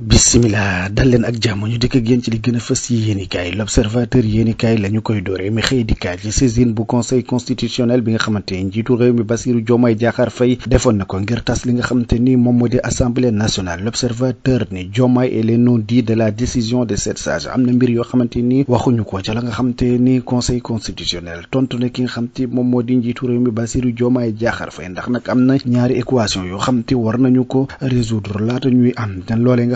bisimila dal ak jàmm ñu dikk génn ci li gën a fës yi yéenikaay l'observateur yéenikaay la ñu koy doore mi xëy dikkaat ci saisine bu conseil constitutionnel bi nga xamante ni njiitu réew mi Bassirou Diomaye Diakhar Faye defoon na ko ngir tas li nga xamante ni moom moo di assemblée nationale l'observateur ni Diomaye et les non-dits de la décision de sept am na mbir yoo xamante ni waxuñu ko ca la nga xamante ni conseil constitutionnel tontu na ki nga xamante moom moo di njiitu réew mi Bassirou Diomaye Diakhar Faye ndax nag am na ñaari équation yoo xamante war nañu ko résoudre laata ñuy am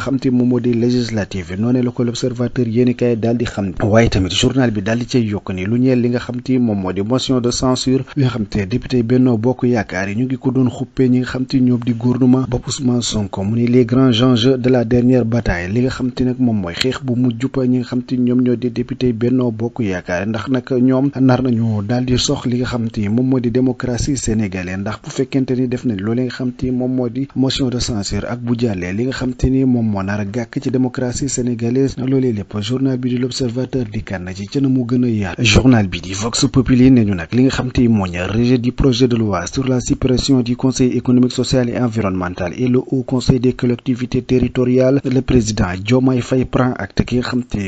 xam te moom moo di législative bi noonee la ko l'observateur yéeni kaay daal di xam waaye tamit journal bi daal di cay yokk ni lu ñeel li nga xam te moom moo di motion de censure bi nga xam te député Benno Bokk Yaakaar yi ñu ngi ko doon xuppee ñi nga xam te ñoom di gouvernement ba Ousmane Sonko mu ni les grands enjeux de la dernière bataille li nga xam te nag moom mooy xeex bu mujj ba ñi nga xam te ñoom ñoo di député Benno Bokk Yaakaar ndax nag ñoom nar nañu daal di sox li nga xam te moom moo di démocratie sénégalaise ndax bu fekkente ni def nañ loolu nga xam te moom moo di motion de censure ak bu jàllee li nga xam te ni moom moo nar a gàkk ci démocratie sénégalaise loolee lépp journal bi di l'observateur di kan na ci cën mu gën a yaat journal bi di vox populi ne nag li nga xam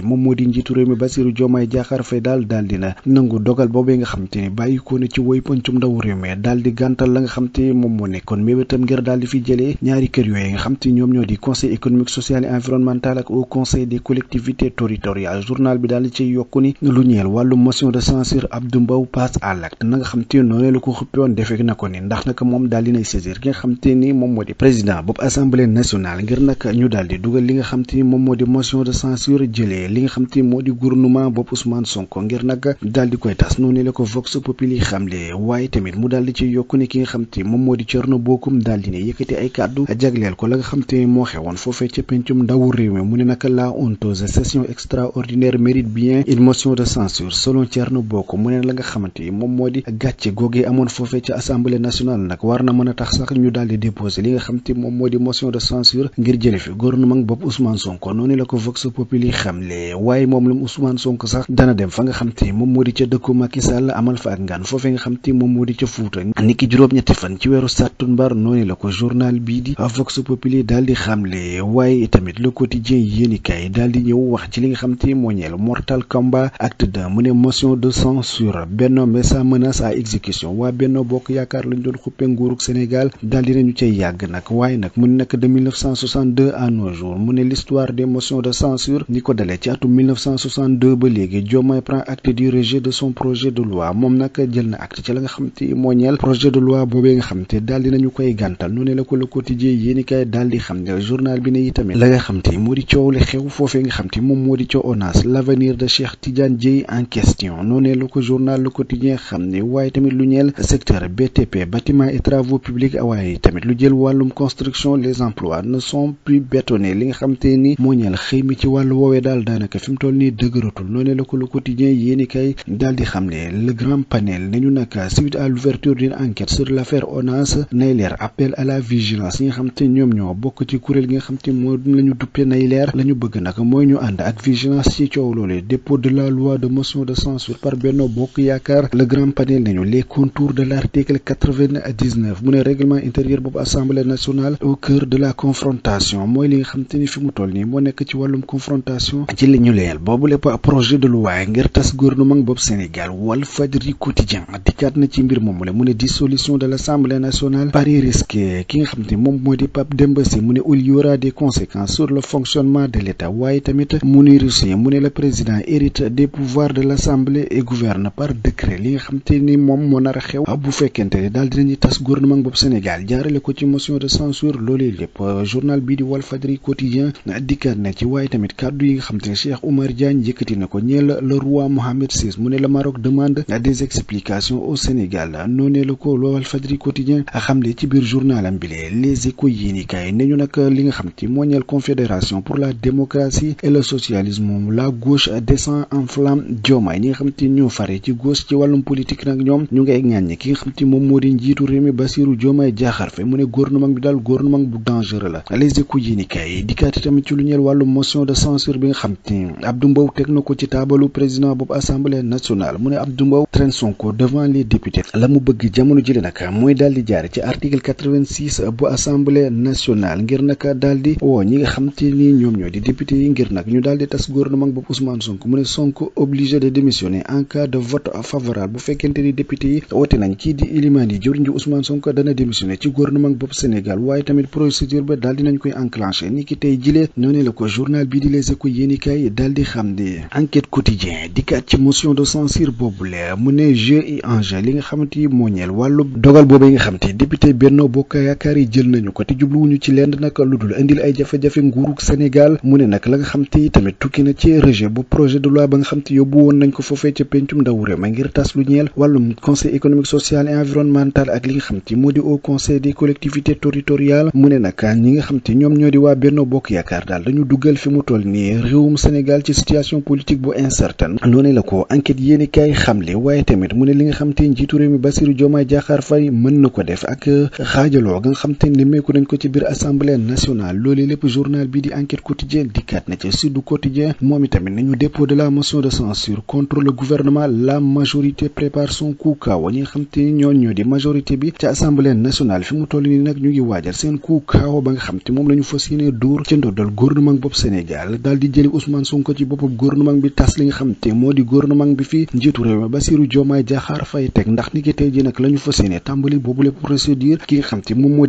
moom moo di njiitu réew mi Bassirou Diomaye Diakhar Faye daal daal dina nangu dogal boobee nga xam ni bàyyi ko ci woy poncum ndaw réew mi daal di gàntal la nga xam moom moo nekkoon méwétam ngir daal di fi jëlee ñaari kër yooyu nga xam ñoom ñoo di conseil économique sociale et ak au conseil des collectivités territoriales journal bi daal di ciy yokku lu ñeel wàllu motion de censure Abdou Mbow passe à l'acte na nga xam te noonee ko xuppe woon defee ko ni ndax nag moom daal di nay saisir ki nga xam te ni moom moo di président boobu assemblée nationale ngir nag ñu daal di dugal li nga xam te ni moom moo di motion de censure jëlee li nga xam te moo di gouvernement boobu Ousmane Sonko ko Vox Populi pencum ndawu réew mi mu ne nag la honteuse session extraordinaire mérite bien une motion de censure selon Thierno Bokk mu ne moo di gàcce googee na mën a nga xamante moom moo di motion de censure ngir jële fi gouvernement bopp Ousmane Sonko noonu la ko Vox Populi xamle waaye moom lam Ousmane Sonko sax dana dem fa nga xamante moom moo di ca dëkku Macky amal fa ak ngaan foofee nga xamante moom moo di ca Fuuta niki juróom-ñetti fan ci weeru sàttumbar noonu la ko journal bii tey itamit le quotidien yéenikaay daal di ñëw wax ci li nga xam te moo ñeel mortal combat acte deux mu ne motion de censure Benno met sa menace exécution waa Benno Bokk Yaakaar lañ doon xuppe nguurug Sénégal daal di nañu cay yàgg nag waaye nag mu ne nag de à nos jours mu ne l'histoire des motions de censure ni ko dalee ci atum ba léegi Diomaye prend acte du rejet de son projet de loi moom nag jël na acte ci la nga xam te moo ñeel projet de loi boobee tamit la nga xam te moo di coow li xew foofee nga xam te moom moo di ca ONAS l'avenir de Cheikh Tidiane Dièye en question noonee ko journal Le Quotidien xam ne waaye tamit lu ñeel secteur BTP bâtiment et travaux publics waaye tamit lu jël wàllum construction les emplois ne sont plus bétonnés li nga xam ni moo ñeel xëy mi ci wàllu woowee daal daanaka fi mu toll nii dëgëratul noonee la ko Le Quotidien yéeni kay daal di xam ne le grand panel nañu nag suite à la vigilance yi nga xam loolu la ñu duppe nay leer mu ne règlement intérieur boobu assemblée nationale au cœur de la confrontation mooy li nga xam fi mu toll nii moo nekk ci wàllum confrontation ci li ñu boobu lépp projet de loi ngir tas gouvernement boobu Sénégal Walf Fadjri quotidien dikkaat na ci mbir moomu mu ne dissolution de l' nationale pari risqué ki nga xam moom mooy di Pape Demba mu ne il y aura conséquences sur le fonctionnement de l'État waaye tamit mu nuy Russie mu ne le président hérite des pouvoirs de l'Assemblée et gouverne par décret li nga xam ni moom moo nar a xew bu fekkente ne daal dinañu tas gouvernement boobu Sénégal jaarale ko ci motion de censure loolee lépp journal bii di Walfadri quotidien dikkaat na ci waaye tamit kàddu yi nga xam te ne Cheikh yëkkati na ko ñeel le roi Mohamed VI mu ne le Maroc demande des explications au ñeel confédération pour la démocratie et ñu ngay ŋàññi ki di njiitu réew mi Bassirou Diomaye Diakhar Faye mu ne gouvernement bi daal gouvernement bu dangereux la Les Échos yéen i kaay dikkaati tamit ci lu ñeel wàllum motion de censure bi nga xam te Abdou Mbow teg na ci taabalu président boobu assemblée nationale mu ne Abdou Mbow traîne son devant les députés la mu bëgg jamono jële nag mooy daal jaare ci article bu assemblée nationale ngir nag daal di woo ñi nga xam te ni ñoom ñooy di député yi ngir nag ñu daal tas gouvernement boobu Ousmane Sonko mu ne Sonko obligé de démissionner en cas de vote favorable bu fekkente ni député yi wote nañ kii di Ilimane yi jëwriñ ji Ousmane Sonko dana démissionner ci gouvernement boobu Sénégal waaye tamit procédure ba daal di nañ koy ni ki tey jilee noonu la ko journal bii di Les Échos yéenikaay daal di xam ne enquête quotidien dikkaat ci motion de censure boobule mu jafe-jafe nguurug Sénégal mu ne nag la nga xam te tamit tukki na ci rejet bu projet de loi ba nga xam te yóbbu woon nañ ko foofee ca péncum ndaw réew ma ngir tas lu ñeel wàllum conseil économique social et environnemental ak li nga xam te moo di au conseil des collectivités territoriales mu ne nag ñi nga xam te ñoom ñoo di waa Benno Bokk Yaakaar daal dañu duggal fi mu toll nii réewum Sénégal ci situation politique bu incertaine noonu la ko enquête yéen i kaay xamle waaye tamit mu ne li nga xam te njiitu réew mi Bassirou Diomaye Diakhar Faye mën na ko def ak xaajaloo xam te nañ ko ci biir assemblée nationale lépp journal bi di enquête quotidien dikkaat na ca Sud Quotidien moom itamit nañu dépôt de la motion de censure contre le gouvernement la majorité prépare son coup kaw ñi xam te ni ñoon di majorité bi ca assemblée nationale fi mu toll ni nag ñu ngi waajal seen coup kaw ba nga xam te moom la ñu fas yéene dóor ca ndoddal gouvernement bopp Sénégal daal di jëli Ousmane Sonko ci boppam gouvernement bi tas li nga xam te moo di gouvernement bi fii njiitu réew mi Bassirou Diomaye la ñu fas yéene tàmbali boobu lépp procédure ki nga xam te moom moo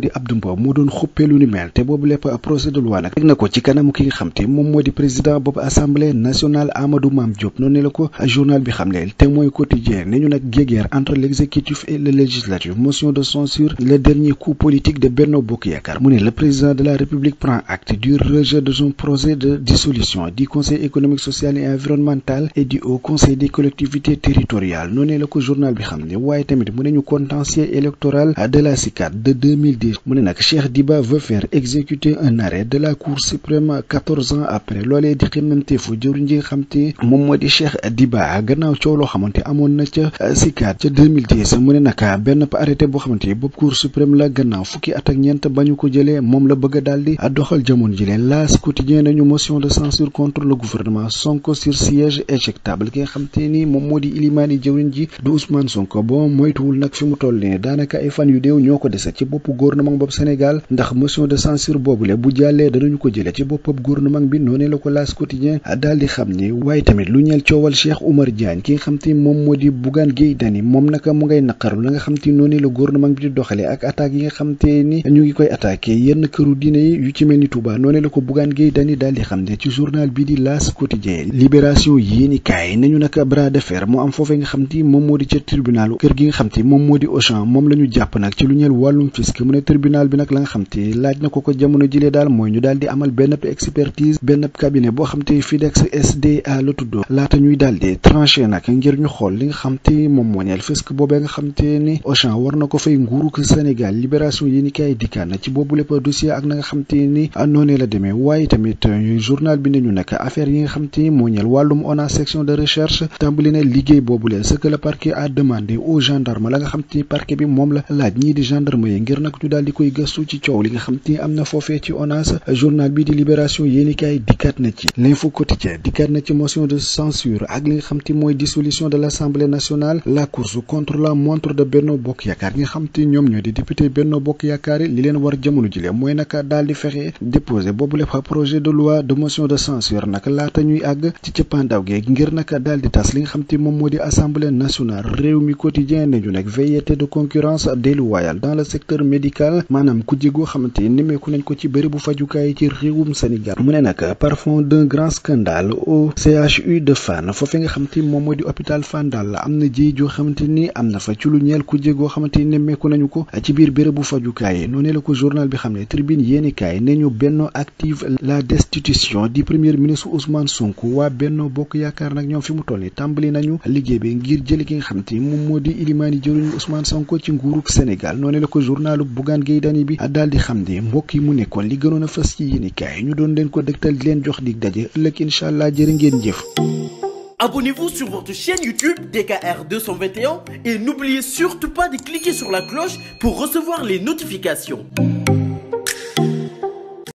Ahmadou Wane teg na ko ci kanamu ki nga xam te moom moo di président boobu assemblée nationale Amadou Mame Diop noonu la ko journal bi xam ne témoin quotidien ne ñu nag guéguerre entre l' exécutif et le législatif motion de censure le dernier coup politique de Benno Bokk Yaakaar mu ne le président de la république prend acte du rejet de son projet de dissolution du conseil économique social et environnemental et du haut conseil des collectivités territoriales noonu la ko journal bi xam ne waaye tamit mu ne ñu contentieux électoral de la CICAD de 2010 mu ne nag Cheikh Diba veut faire exécuter un arrêt de la cour suprême quatorze ans après loolee di xemmemteefu jëwriñ ji nga xam te moom moo di Cheikh Diba gannaaw coow loo xamante amoon na ca euh, Sicap ca 2010 mu ne naka benn arrêté boo xamante ni boobu cour suprême la gannaaw fukki at ak ñeent bañu ko jëlee moom la bëgg a daal di doxal jamono ji leen laas quotidien nañu motion de censure contre le gouvernement Sonko sur siège éjectable ki nga xam te ni moom moo di ilimaani jëwriñ ji du Ousmane Sonko bon moytuwul nag fi mu toll nii daanaka fan yu néew ñoo ko dese ci boppu gouvernement boobu Sénégal ndax motion de censure boobule bu jàllee loolee danañu ko jële ci boppab gouvernement bi noonee la ko laas quotidien daal di xam ni waaye tamit lu ñeel coowal Cheikh Oumar Diagne ki nga xam te ni moom moo di ca tribunal kër gi nga xam te moom moo di Auchan moom la jàpp nag ci lu ñeel wàllum fisc mu ne tribunal bi nag la nga xam te laaj na ko ko jamono jile daal mooy ñu daal di amal benn expertise benn cabinet boo xam te FIDEX SDA la tuddoo laata ñuy daal di tranché nag ngir ñu xool li nga xam te moom moo ñeel boobee nga xam te ni Auchan war na ko fay nguuruk Sénégal libération yi ni kay dikkaan na ci boobu lépp dossier ak na nga xam te ni noonee la demee waaye tamit journal bi ne ñu nag affaire yi nga xam ni moo ñeel wàllum ONAS section de recherche tàmbali na liggéey boobule ce que le parquet a demandé aux gendarmes la nga xam te parquet bi moom la laaj ñii di gendarme ngir nag ñu daal di koy gëstu ci coow li nga xam te am na foofee ci violence journal bi di libération yéenekaay dikkaat na ci l'info quotidien dikkaat na ci motion de censure ak li nga xam mooy dissolution de l'assemblée nationale la course contre la montre de Benno Bokk Yaakaar yi nga xam ñoom ñoo di député Benno Bokk Yaakaar yi li leen war jamono jile mooy naka daal di fexe déposer boobu lépp projet de loi de motion de censure nag laata ñuy àgg ci cëppandaw gi ngir naka daal di tas li nga xam te moom moo di assemblée nationale réew mi quotidien nañu nag variété de concurrence déloyale dans le secteur médical maanaam ku jéegoo xamante ni meeku nañ ko ci bëri bu faj fajukaay ci réewum Sénégal mu ne nag par fond d'un grand scandale au CHU de Fann foofe nga xamante moom moo di hôpital Fann daal am na ji joo xamante ni am na fa ci lu ñeel ku jégoo xamante nemmeeku nañu ko ci biir bérébu fajukaay noonu la ko journal bi xam ne tribune yéeni kaay ne ñu Benno active la destitution du premier ministre Ousmane Sonko waa Benno Bokk Yaakaar nag ñoom fi mu toll ni tàmbali nañu liggéey bi ngir jëli ki nga xamante moom moo di ilimaani jëruñu Ousmane Sonko ci nguurug Sénégal noonu fas ci yéenekaay ñu doon leen ko dégtal di leen jox dig daje ëllëg incha allah jërë ngeen jëf. Abonnez-vous sur votre chaîne YouTube DKR 221 et n'oubliez surtout pas de cliquer sur la cloche pour recevoir les notifications.